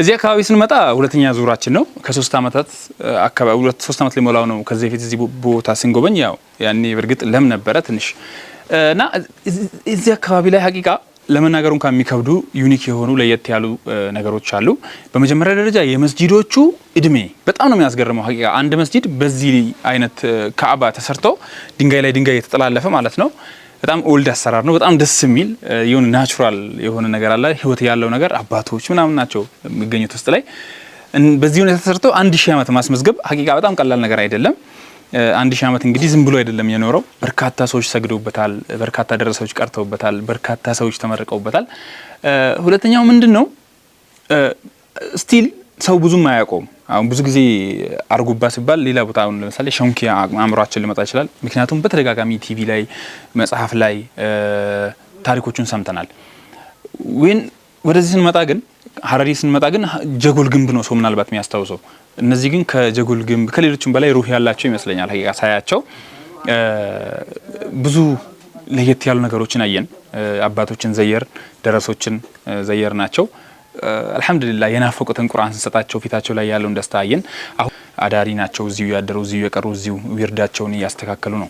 እዚህ አካባቢ ስንመጣ ሁለተኛ ዙራችን ነው። ከሶስት ዓመታት አካባቢ ሁለት ሶስት ዓመት ሊሞላው ነው። ከዚህ በፊት እዚህ ቦታ ስንጎበኝ ያው ያኔ በእርግጥ ለም ነበረ ትንሽ እና እዚህ አካባቢ ላይ ሀቂቃ ለመናገሩ እንኳ የሚከብዱ ዩኒክ የሆኑ ለየት ያሉ ነገሮች አሉ። በመጀመሪያ ደረጃ የመስጂዶቹ እድሜ በጣም ነው የሚያስገርመው። ሀቂቃ አንድ መስጂድ በዚህ አይነት ከአባ ተሰርቶ ድንጋይ ላይ ድንጋይ የተጠላለፈ ማለት ነው በጣም ኦልድ አሰራር ነው። በጣም ደስ የሚል የሆነ ናቹራል የሆነ ነገር አለ ህይወት ያለው ነገር አባቶች ምናምን ናቸው የሚገኙት ውስጥ ላይ በዚህ ሁኔታ ተሰርተው አንድ ሺህ ዓመት ማስመዝገብ ሀቂቃ በጣም ቀላል ነገር አይደለም። አንድ ሺህ ዓመት እንግዲህ ዝም ብሎ አይደለም የኖረው። በርካታ ሰዎች ሰግደውበታል፣ በርካታ ደረሰዎች ቀርተውበታል፣ በርካታ ሰዎች ተመርቀውበታል። ሁለተኛው ምንድን ነው ስቲል ሰው ብዙም አያውቀውም። አሁን ብዙ ጊዜ አርጎባ ሲባል ሌላ ቦታ አሁን ለምሳሌ ሸንኪ አእምሯችን ሊመጣ ይችላል። ምክንያቱም በተደጋጋሚ ቲቪ ላይ መጽሐፍ ላይ ታሪኮቹን ሰምተናል። ወይን ወደዚህ ስንመጣ ግን ሀረሪ ስንመጣ ግን ጀጎል ግንብ ነው ሰው ምናልባት የሚያስታውሰው። እነዚህ ግን ከጀጎል ግንብ ከሌሎችም በላይ ሩህ ያላቸው ይመስለኛል። ሀቂቃ ሳያቸው ብዙ ለየት ያሉ ነገሮችን አየን። አባቶችን ዘየር ደረሶችን ዘየር ናቸው። አልሐምዱሊላህ የናፈቁትን ቁርአን ስንሰጣቸው ፊታቸው ላይ ያለውን ደስታ አየን። አሁን አዳሪ ናቸው፣ እዚሁ ያደሩ፣ እዚሁ የቀሩ፣ እዚሁ ዊርዳቸውን እያስተካከሉ ነው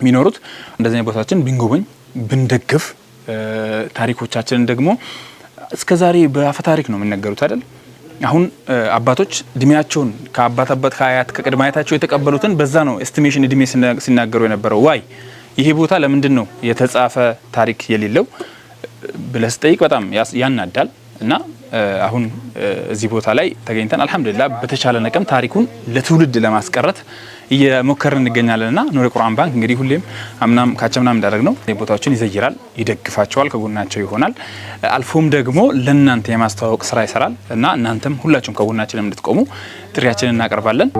የሚኖሩት። እንደዚህ ቦታችን ብንጎበኝ ብንደግፍ፣ ታሪኮቻችንን ደግሞ እስከዛሬ በአፈታሪክ ታሪክ ነው የሚነገሩት አይደል? አሁን አባቶች እድሜያቸውን ከአባት አባት ከአያት ከቅድመ አያታቸው የተቀበሉትን በዛ ነው ኤስቲሜሽን እድሜ ሲናገሩ የነበረው። ዋይ ይሄ ቦታ ለምንድን ነው የተጻፈ ታሪክ የሌለው ብለህ ስጠይቅ በጣም ያናዳል። እና አሁን እዚህ ቦታ ላይ ተገኝተን አልሐምዱሊላ በተቻለ ነቀም ታሪኩን ለትውልድ ለማስቀረት እየሞከርን እንገኛለን እና ኑር ቁርአን ባንክ እንግዲህ ሁሌም አምናም ካቸምናም ነው ቦታዎችን ይዘይራል፣ ይደግፋቸዋል፣ ከጎናቸው ይሆናል። አልፎም ደግሞ ለእናንተ የማስተዋወቅ ስራ ይሰራል እና እናንተም ሁላችሁም ከጎናችን እንድትቆሙ ጥሪያችን እናቀርባለን።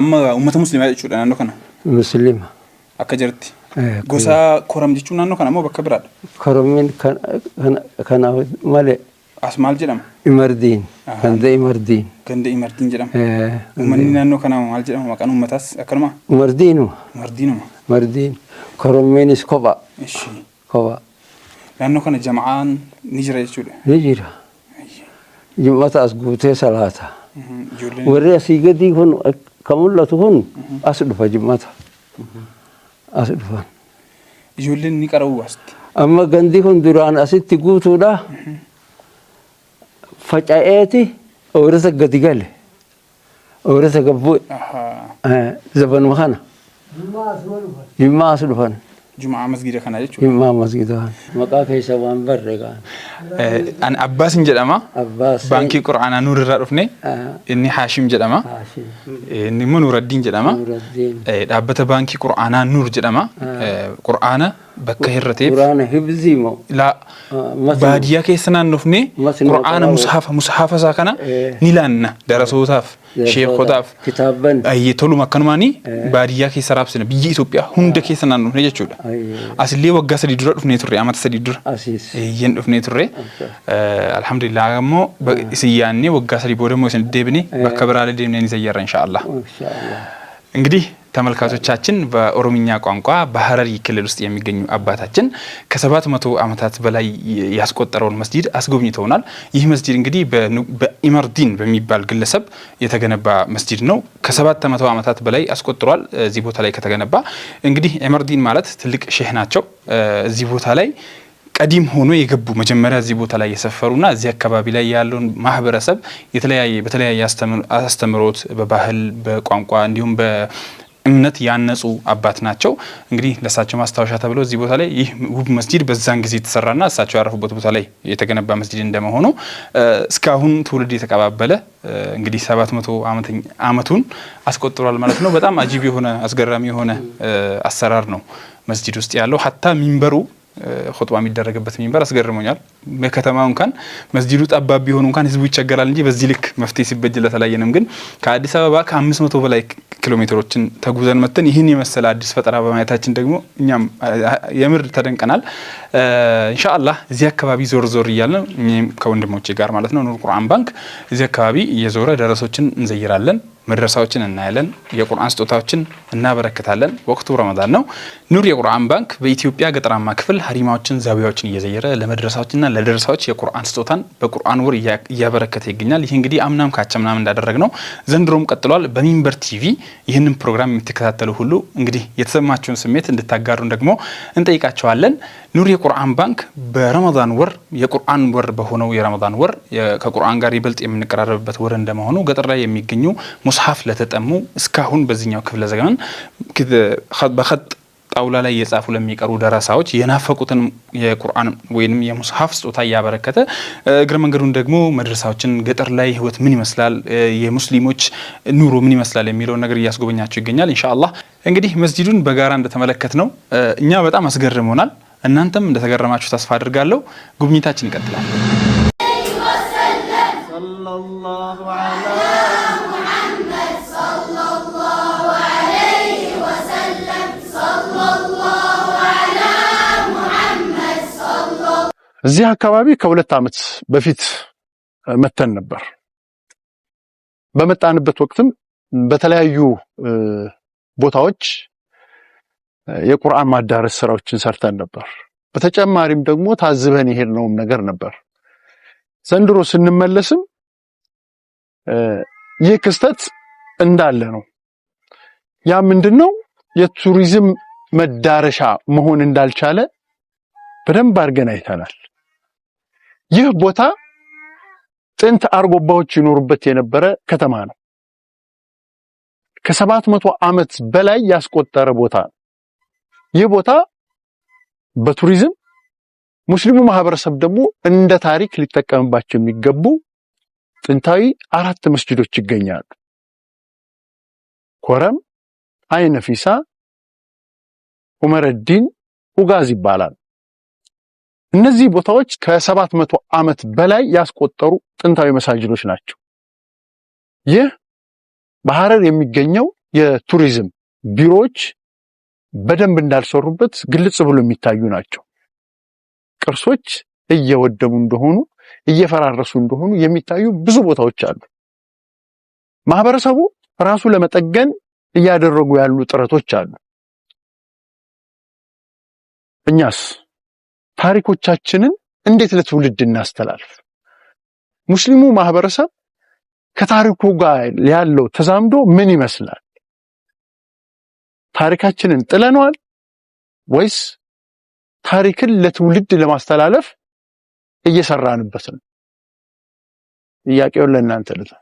amma uummata musliimaa jechuudha naannoo kana? Musliima. Akka jirti. Gosa korom jechuun naannoo kana ammoo bakka biraadha? Koromiin kana malee. As maal jedhama? Imardiin. Ganda Imardiin. Ganda Imardiin jedhama. Uummanni naannoo kana maal jedhama maqaan uummataas akkanuma? Mardiinuma. Mardiinuma. Mardiin. Koromiinis kopha. Ishii. Kopha. Naannoo kana jama'aan ni jira jechuudha? Ni jira. Jim'ata as guutee salaata. Warri asii gadii kun kan mul'atu kun as dhufa jimaata As dhufan. Ijoolleen ni qara'uu asitti. Amma gandi kun duraan asitti guutuudha. Mm-hmm. Faca'eeti oorasa gadi gale. Oorasa gabbu'e. Eh, Zabanuma kana. Jimmaa as dhufan. Jumaa masgida jechuudha. masgida kana. Maqaa keessa waan barre أن أباس إن جدما أباس بانكي قرآن نور الرفنة آه. إني حاشم جدما حاشم إني منور الدين جدما نور الدين أبتا بانكي قرآن نور جدما آه. قرآن بكهر رتيب قرآن هبزي مو لا آه. باديا كيسنا نفنة قرآن مصحف مصحف ساكنا إيه. نيلان درسو ساف آه. sheekootaaf tolu akkanumaanii baadiyyaa keessa raabsina biyya Itoophiyaa hunda keessa naannofne jechuudha. Asillee waggaa sadii dura dhufnee turre amata sadii dura eeyyan dhufnee turre alhamdulillah ammoo isin yaannee waggaa sadii booda immoo isin deebine bakka biraa deemnee ni zayyaara inshaallah. Ingidihi ተመልካቾቻችን በኦሮምኛ ቋንቋ በሀረሪ ክልል ውስጥ የሚገኙ አባታችን ከሰባት መቶ ዓመታት በላይ ያስቆጠረውን መስጂድ አስጎብኝተውናል። ይህ መስጂድ እንግዲህ በኢመርዲን በሚባል ግለሰብ የተገነባ መስጂድ ነው። ከሰባት መቶ ዓመታት በላይ አስቆጥሯል። እዚህ ቦታ ላይ ከተገነባ እንግዲህ ኢመርዲን ማለት ትልቅ ሼህ ናቸው። እዚህ ቦታ ላይ ቀዲም ሆኖ የገቡ መጀመሪያ እዚህ ቦታ ላይ የሰፈሩና እዚህ አካባቢ ላይ ያለውን ማህበረሰብ የተለያየ በተለያየ አስተምሮት በባህል በቋንቋ እንዲሁም እምነት ያነጹ አባት ናቸው። እንግዲህ ለእሳቸው ማስታወሻ ተብሎ እዚህ ቦታ ላይ ይህ ውብ መስጂድ በዛን ጊዜ የተሰራና እሳቸው ያረፉበት ቦታ ላይ የተገነባ መስጂድ እንደመሆኑ እስካሁን ትውልድ የተቀባበለ እንግዲህ ሰባት መቶ ዓመቱን አስቆጥሯል ማለት ነው። በጣም አጂብ የሆነ አስገራሚ የሆነ አሰራር ነው መስጂድ ውስጥ ያለው ሀታ ሚንበሩ ኹጥባ የሚደረግበት ሚንበር አስገርሞኛል። በከተማ እንኳን መስጂዱ ጠባብ ቢሆኑ እንኳን ህዝቡ ይቸገራል እንጂ በዚህ ልክ መፍትሄ ሲበጅ አላየንም። ግን ከአዲስ አበባ ከ መቶ በላይ ኪሎ ሜትሮችን ተጉዘን መጥተን ይህን የመሰለ አዲስ ፈጠራ በማየታችን ደግሞ እኛም የምር ተደንቀናል። ኢንሻአላህ እዚህ አካባቢ ዞር ዞር እያልን እኔም ከወንድሞቼ ጋር ማለት ነው ኑር ቁርአን ባንክ እዚህ አካባቢ እየዞረ ደረሶችን እንዘይራለን። መድረሳዎችን እናያለን። የቁርአን ስጦታዎችን እናበረክታለን። ወቅቱ ረመዳን ነው። ኑር የቁርአን ባንክ በኢትዮጵያ ገጠራማ ክፍል ሀሪማዎችን፣ ዛቢያዎችን እየዘየረ ለመድረሳዎችና ለደረሳዎች የቁርአን ስጦታን በቁርአን ወር እያበረከተ ይገኛል። ይህ እንግዲህ አምናም ካቸምናም እንዳደረግ ነው ዘንድሮም ቀጥሏል። በሚንበር ቲቪ ይህንን ፕሮግራም የምትከታተሉ ሁሉ እንግዲህ የተሰማችሁን ስሜት እንድታጋሩን ደግሞ እንጠይቃቸዋለን። ኑር የቁርአን ባንክ በረመዳን ወር የቁርአን ወር በሆነው የረመዳን ወር ከቁርአን ጋር ይበልጥ የምንቀራረብበት ወር እንደመሆኑ ገጠር ላይ የሚገኙ መጽሐፍ ለተጠሙ እስካሁን በዚህኛው ክፍለ ዘመን በኸጥ ጣውላ ላይ እየጻፉ ለሚቀሩ ደረሳዎች የናፈቁትን የቁርአን ወይም የሙስሐፍ ስጦታ እያበረከተ እግረ መንገዱን ደግሞ መድረሳዎችን ገጠር ላይ ህይወት ምን ይመስላል፣ የሙስሊሞች ኑሮ ምን ይመስላል የሚለውን ነገር እያስጎበኛቸው ይገኛል። ኢንሻአላህ እንግዲህ መስጂዱን በጋራ እንደተመለከት ነው እኛ በጣም አስገርሞናል። እናንተም እንደተገረማችሁ ተስፋ አድርጋለሁ። ጉብኝታችን ይቀጥላል። እዚህ አካባቢ ከሁለት ዓመት በፊት መተን ነበር። በመጣንበት ወቅትም በተለያዩ ቦታዎች የቁርአን ማዳረስ ስራዎችን ሰርተን ነበር። በተጨማሪም ደግሞ ታዝበን የሄድነውም ነገር ነበር። ዘንድሮ ስንመለስም ይህ ክስተት እንዳለ ነው። ያ ምንድን ነው የቱሪዝም መዳረሻ መሆን እንዳልቻለ በደንብ አድርገን አይተናል። ይህ ቦታ ጥንት አርጎባዎች ይኖሩበት የነበረ ከተማ ነው። ከሰባት መቶ ዓመት በላይ ያስቆጠረ ቦታ ነው። ይህ ቦታ በቱሪዝም ሙስሊሙ ማህበረሰብ ደግሞ እንደ ታሪክ ሊጠቀምባቸው የሚገቡ ጥንታዊ አራት መስጅዶች ይገኛሉ። ኮረም፣ አይነፊሳ፣ ኡመረዲን፣ ኡጋዝ ይባላል። እነዚህ ቦታዎች ከሰባት መቶ ዓመት በላይ ያስቆጠሩ ጥንታዊ መሳጅዶች ናቸው። ይህ በሐረር የሚገኘው የቱሪዝም ቢሮዎች በደንብ እንዳልሰሩበት ግልጽ ብሎ የሚታዩ ናቸው። ቅርሶች እየወደሙ እንደሆኑ እየፈራረሱ እንደሆኑ የሚታዩ ብዙ ቦታዎች አሉ። ማህበረሰቡ ራሱ ለመጠገን እያደረጉ ያሉ ጥረቶች አሉ። እኛስ ታሪኮቻችንን እንዴት ለትውልድ እናስተላልፍ? ሙስሊሙ ማህበረሰብ ከታሪኩ ጋር ያለው ተዛምዶ ምን ይመስላል? ታሪካችንን ጥለነዋል ወይስ ታሪክን ለትውልድ ለማስተላለፍ እየሰራንበት ነው? ጥያቄውን ለእናንተ ልታ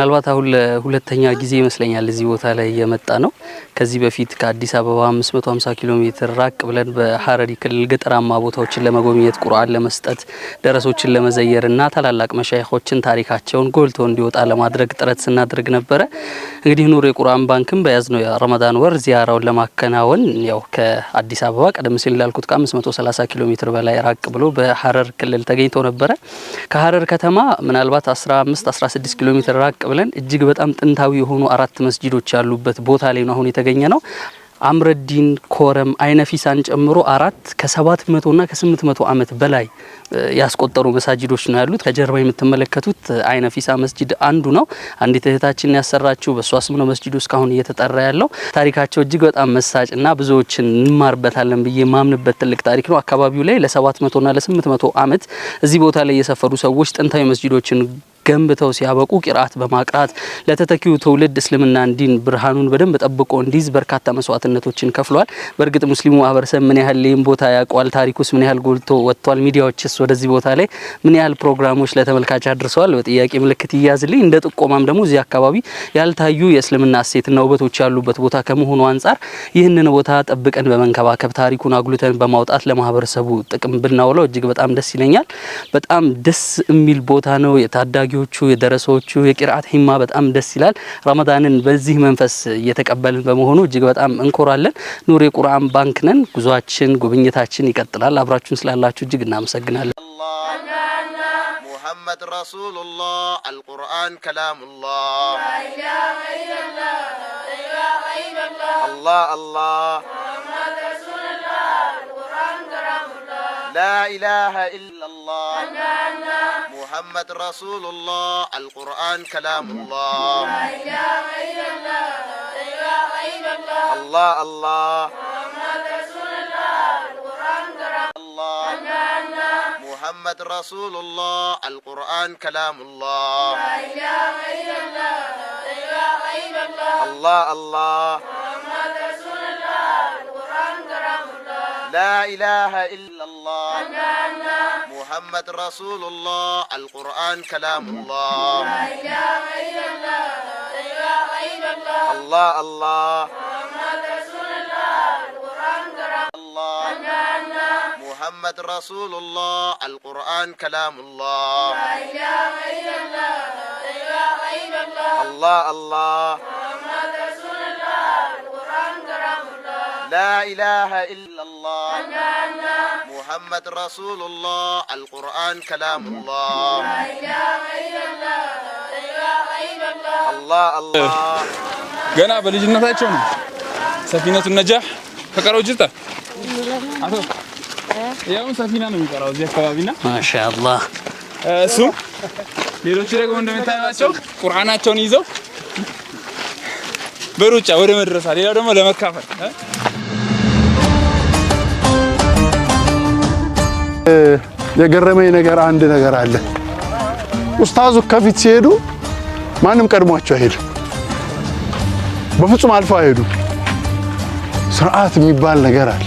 ምናልባት አሁን ለሁለተኛ ጊዜ ይመስለኛል እዚህ ቦታ ላይ የመጣ ነው። ከዚህ በፊት ከአዲስ አበባ 550 ኪሎ ሜትር ራቅ ብለን በሀረሪ ክልል ገጠራማ ቦታዎችን ለመጎብኘት ቁርአን ለመስጠት ደረሶችን ለመዘየር እና ታላላቅ መሻይኮችን ታሪካቸውን ጎልቶ እንዲወጣ ለማድረግ ጥረት ስናደርግ ነበረ። እንግዲህ ኑር የቁርአን ባንክም ነው የረመዳን ወር ዚያራውን ለማከናወን ያው ከአዲስ አበባ ቀደም ሲል እንዳልኩት ከ530 ኪሎ ሜትር በላይ ራቅ ብሎ በሀረር ክልል ተገኝቶ ነበረ። ከሀረር ከተማ ምናልባት 15 16 ኪሎ ሜትር ራቅ ብለን እጅግ በጣም ጥንታዊ የሆኑ አራት መስጂዶች ያሉበት ቦታ ላይ ነው አሁን የተገኘ ነው። አምረዲን ኮረም፣ አይነፊሳን ጨምሮ አራት ከሰባት መቶና ከስምንት መቶ ዓመት በላይ ያስቆጠሩ መሳጅዶች ነው ያሉት። ከጀርባ የምትመለከቱት አይነፊሳ መስጂድ አንዱ ነው። አንዲት እህታችን ያሰራችው በእሷ ስም ነው መስጂዱ እስካሁን እየተጠራ ያለው። ታሪካቸው እጅግ በጣም መሳጭና ብዙዎችን እንማርበታለን ብዬ ማምንበት ትልቅ ታሪክ ነው። አካባቢው ላይ ለሰባት መቶና ለስምንት መቶ ዓመት እዚህ ቦታ ላይ የሰፈሩ ሰዎች ጥንታዊ መስጂዶችን ገንብተው ሲያበቁ ቂርአት በማቅራት ለተተኪው ትውልድ እስልምና ዲን ብርሃኑን በደንብ ጠብቆ እንዲይዝ በርካታ መስዋዕትነቶችን ከፍሏል። በእርግጥ ሙስሊሙ ማህበረሰብ ምን ያህል ይህም ቦታ ያውቋል? ታሪኩስ ምን ያህል ጎልቶ ወጥቷል? ሚዲያዎችስ ወደዚህ ቦታ ላይ ምን ያህል ፕሮግራሞች ለተመልካች አድርሰዋል? በጥያቄ ምልክት ይያዝልኝ። እንደ ጥቆማም ደግሞ እዚህ አካባቢ ያልታዩ የእስልምና እሴትና ውበቶች ያሉበት ቦታ ከመሆኑ አንጻር ይህንን ቦታ ጠብቀን በመንከባከብ ታሪኩን አጉልተን በማውጣት ለማህበረሰቡ ጥቅም ብናውለው እጅግ በጣም ደስ ይለኛል። በጣም ደስ የሚል ቦታ ነው። የታዳጊ የሐዲሶቹ የደረሶቹ የቂርአት ሂማ በጣም ደስ ይላል። ረመዳንን በዚህ መንፈስ እየተቀበልን በመሆኑ እጅግ በጣም እንኮራለን። ኑር የቁርአን ባንክ ነን። ጉዟችን ጉብኝታችን ይቀጥላል። አብራችሁን ስላላችሁ እጅግ እናመሰግናለን። ሙሐመድ ረሱሉላህ አልቁርአን ከላሙላህ لا إله إلا الله محمد رسول الله القرآن كلام الله لا إله إلا الله لا إله إلا الله الله الله محمد رسول الله القرآن كلام الله محمد رسول الله القرآن كلام الله لا إله إلا الله لا إله إلا الله الله الله لا إله إلا الله محمد رسول الله القرآن كلام الله لا إله إلا الله لا إله إلا الله الله الله محمد رسول الله القرآن كلام الله محمد رسول الله القرآن كلام الله لا إله إلا الله لا إله إلا الله الله الله ላኢላሃ ኢለላህ ሙሐመድ ረሱሉላህ አልቁርአን ከላሙላህ ገና በልጅነታቸው ነው ሰፊነቱ ነጃህ ከቀረው ጅርታ ያውን ሰፊና ነው የሚቀራው እዚህ አካባቢና ማሻአላህ እሱ ሌሎቹ ደግሞ እንደምታያቸው ቁርአናቸውን ይዘው በሩጫ ወደ መድረሳ ሌላው ደግሞ ለመካፈል የገረመኝ ነገር አንድ ነገር አለ። ኡስታዙ ከፊት ሲሄዱ ማንም ቀድሟቸው አይሄድም። በፍጹም አልፎ አይሄዱ። ስርዓት የሚባል ነገር አለ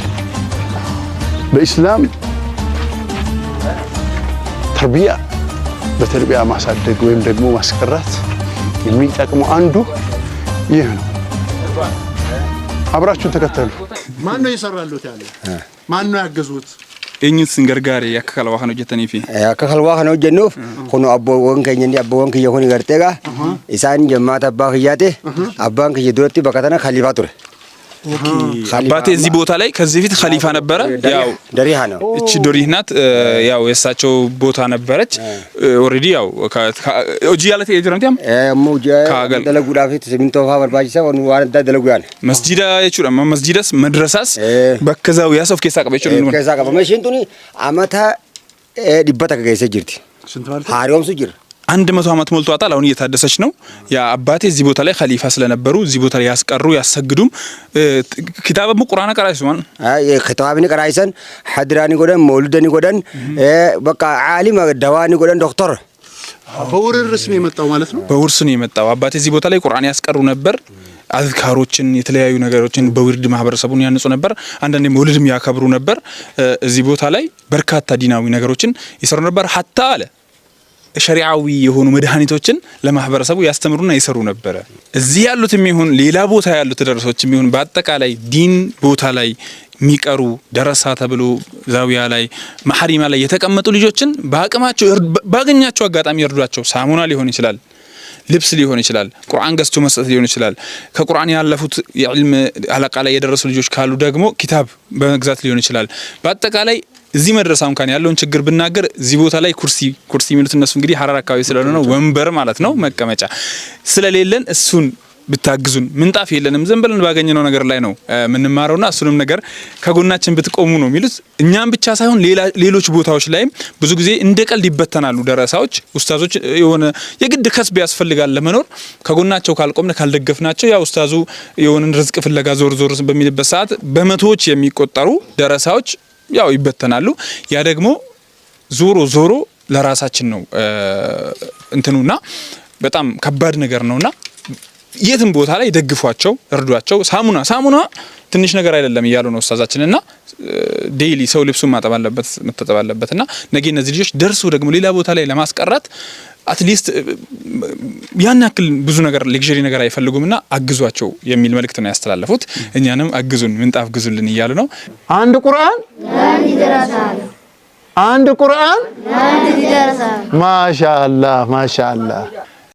በኢስላም ተርቢያ በተርቢያ ማሳደግ ወይም ደግሞ ማስቀራት የሚጠቅመው አንዱ ይህ ነው። አብራችሁን ተከተሉ። ማን ነው የሰራሉት? ያለ ማን ነው ያገዙት? Eenyuun gargaaree kala kalwaa kana hojjetaniif? Akka kalwaa kana hojjennuuf kun abboowwan keenya inni abboowwan kiyya kun garteegaa isaan jemmaata abbaa kiyyaati abbaan kiyya duratti bakka tana kalifaa ture. አባቴ እዚህ ቦታ ላይ ከዚህ ፊት ከሊፋ ነበረ። ያው ደሪሃ ነው እቺ ዶሪህ ናት። ያው የእሳቸው ቦታ ነበረች። ኦልሬዲ ያው ያለ ደለጉዳ ጂ ያለት የጅራንቲያም መስጂዳ የቹ መስጂደስ መድረሳስ በከዛው ያሶፍ ኬሳ ቀበች ኬሳ ቀበ መሽንቱኒ አመታ ዲበታ ከገሰ ጅርቲ ሽንት ማለት ሱ ጅር አንድ መቶ ዓመት ሞልቶ አጣል አሁን እየታደሰች ነው። ያ አባቴ እዚህ ቦታ ላይ ኸሊፋ ስለነበሩ እዚህ ቦታ ላይ ያስቀሩ ያሰግዱም ኪታብ ቁርአን ቀራይሱማን አይ ኪታብኒ ቀራይሰን ሐድራኒ ጎደን መውሉደኒ ጎደን በቃ ዓሊም ደዋኒ ጎደን ዶክተር በውርርስ ነው የመጣው ማለት ነው። በውርስ ነው የመጣው አባቴ እዚህ ቦታ ላይ ቁርአን ያስቀሩ ነበር። አዝካሮችን የተለያዩ ነገሮችን በውርድ ማህበረሰቡን ያነጹ ነበር። አንዳንዴ መውልድም ያከብሩ ነበር። እዚህ ቦታ ላይ በርካታ ዲናዊ ነገሮችን ይሰሩ ነበር ሀታ አለ ሸሪዓዊ የሆኑ መድኃኒቶችን ለማህበረሰቡ ያስተምሩና ይሰሩ ነበረ። እዚህ ያሉት የሚሆን ሌላ ቦታ ያሉት ደረሶች የሚሆን በአጠቃላይ ዲን ቦታ ላይ የሚቀሩ ደረሳ ተብሎ ዛውያ ላይ ማሐሪማ ላይ የተቀመጡ ልጆችን በአቅማቸው ባገኛቸው አጋጣሚ ይርዷቸው። ሳሙና ሊሆን ይችላል፣ ልብስ ሊሆን ይችላል፣ ቁርአን ገዝቶ መስጠት ሊሆን ይችላል። ከቁርአን ያለፉት የዕልም አለቃ ላይ የደረሱ ልጆች ካሉ ደግሞ ኪታብ በመግዛት ሊሆን ይችላል። በአጠቃላይ እዚህ መድረስ እንኳን ያለውን ችግር ብናገር እዚህ ቦታ ላይ ኩርሲ ኩርሲ የሚሉት እነሱ እንግዲህ ሀረር አካባቢ ስለሆነ ወንበር ማለት ነው መቀመጫ ስለሌለን እሱን ብታግዙን ምንጣፍ የለንም። ዝም ብለን ባገኘነው ነገር ላይ ነው የምንማረውና እሱንም ነገር ከጎናችን ብትቆሙ ነው የሚሉት። እኛም ብቻ ሳይሆን ሌሎች ቦታዎች ላይም ብዙ ጊዜ እንደ ቀልድ ይበተናሉ ደረሳዎች፣ ኡስታዞች የሆነ የግድ ከስብ ያስፈልጋል ለመኖር። ከጎናቸው ካልቆምነ ካልደገፍናቸው፣ ያ ኡስታዙ የሆነን ርዝቅ ፍለጋ ዞር ዞር በሚልበት ሰዓት በመቶዎች የሚቆጠሩ ደረሳዎች ያው ይበተናሉ። ያ ደግሞ ዞሮ ዞሮ ለራሳችን ነው እንትኑና በጣም ከባድ ነገር ነውና የትም ቦታ ላይ ደግፏቸው፣ እርዷቸው። ሳሙና ሳሙና ትንሽ ነገር አይደለም እያሉ ነው ኡስታዛችን እና ዴይሊ ሰው ልብሱን ማጠብ አለበት መታጠብ አለበት እና ነገ እነዚህ ልጆች ደርሶ ደግሞ ሌላ ቦታ ላይ ለማስቀረት አትሊስት uh, ያን ያክል ብዙ ነገር ሌክዥሪ ነገር አይፈልጉም እና አግዟቸው የሚል መልእክት ነው ያስተላለፉት። እኛንም አግዙን፣ ምንጣፍ ግዙልን እያሉ ነው። አንድ ቁርአን አንድ ቁርአን ማሻአላህ ማሻአላህ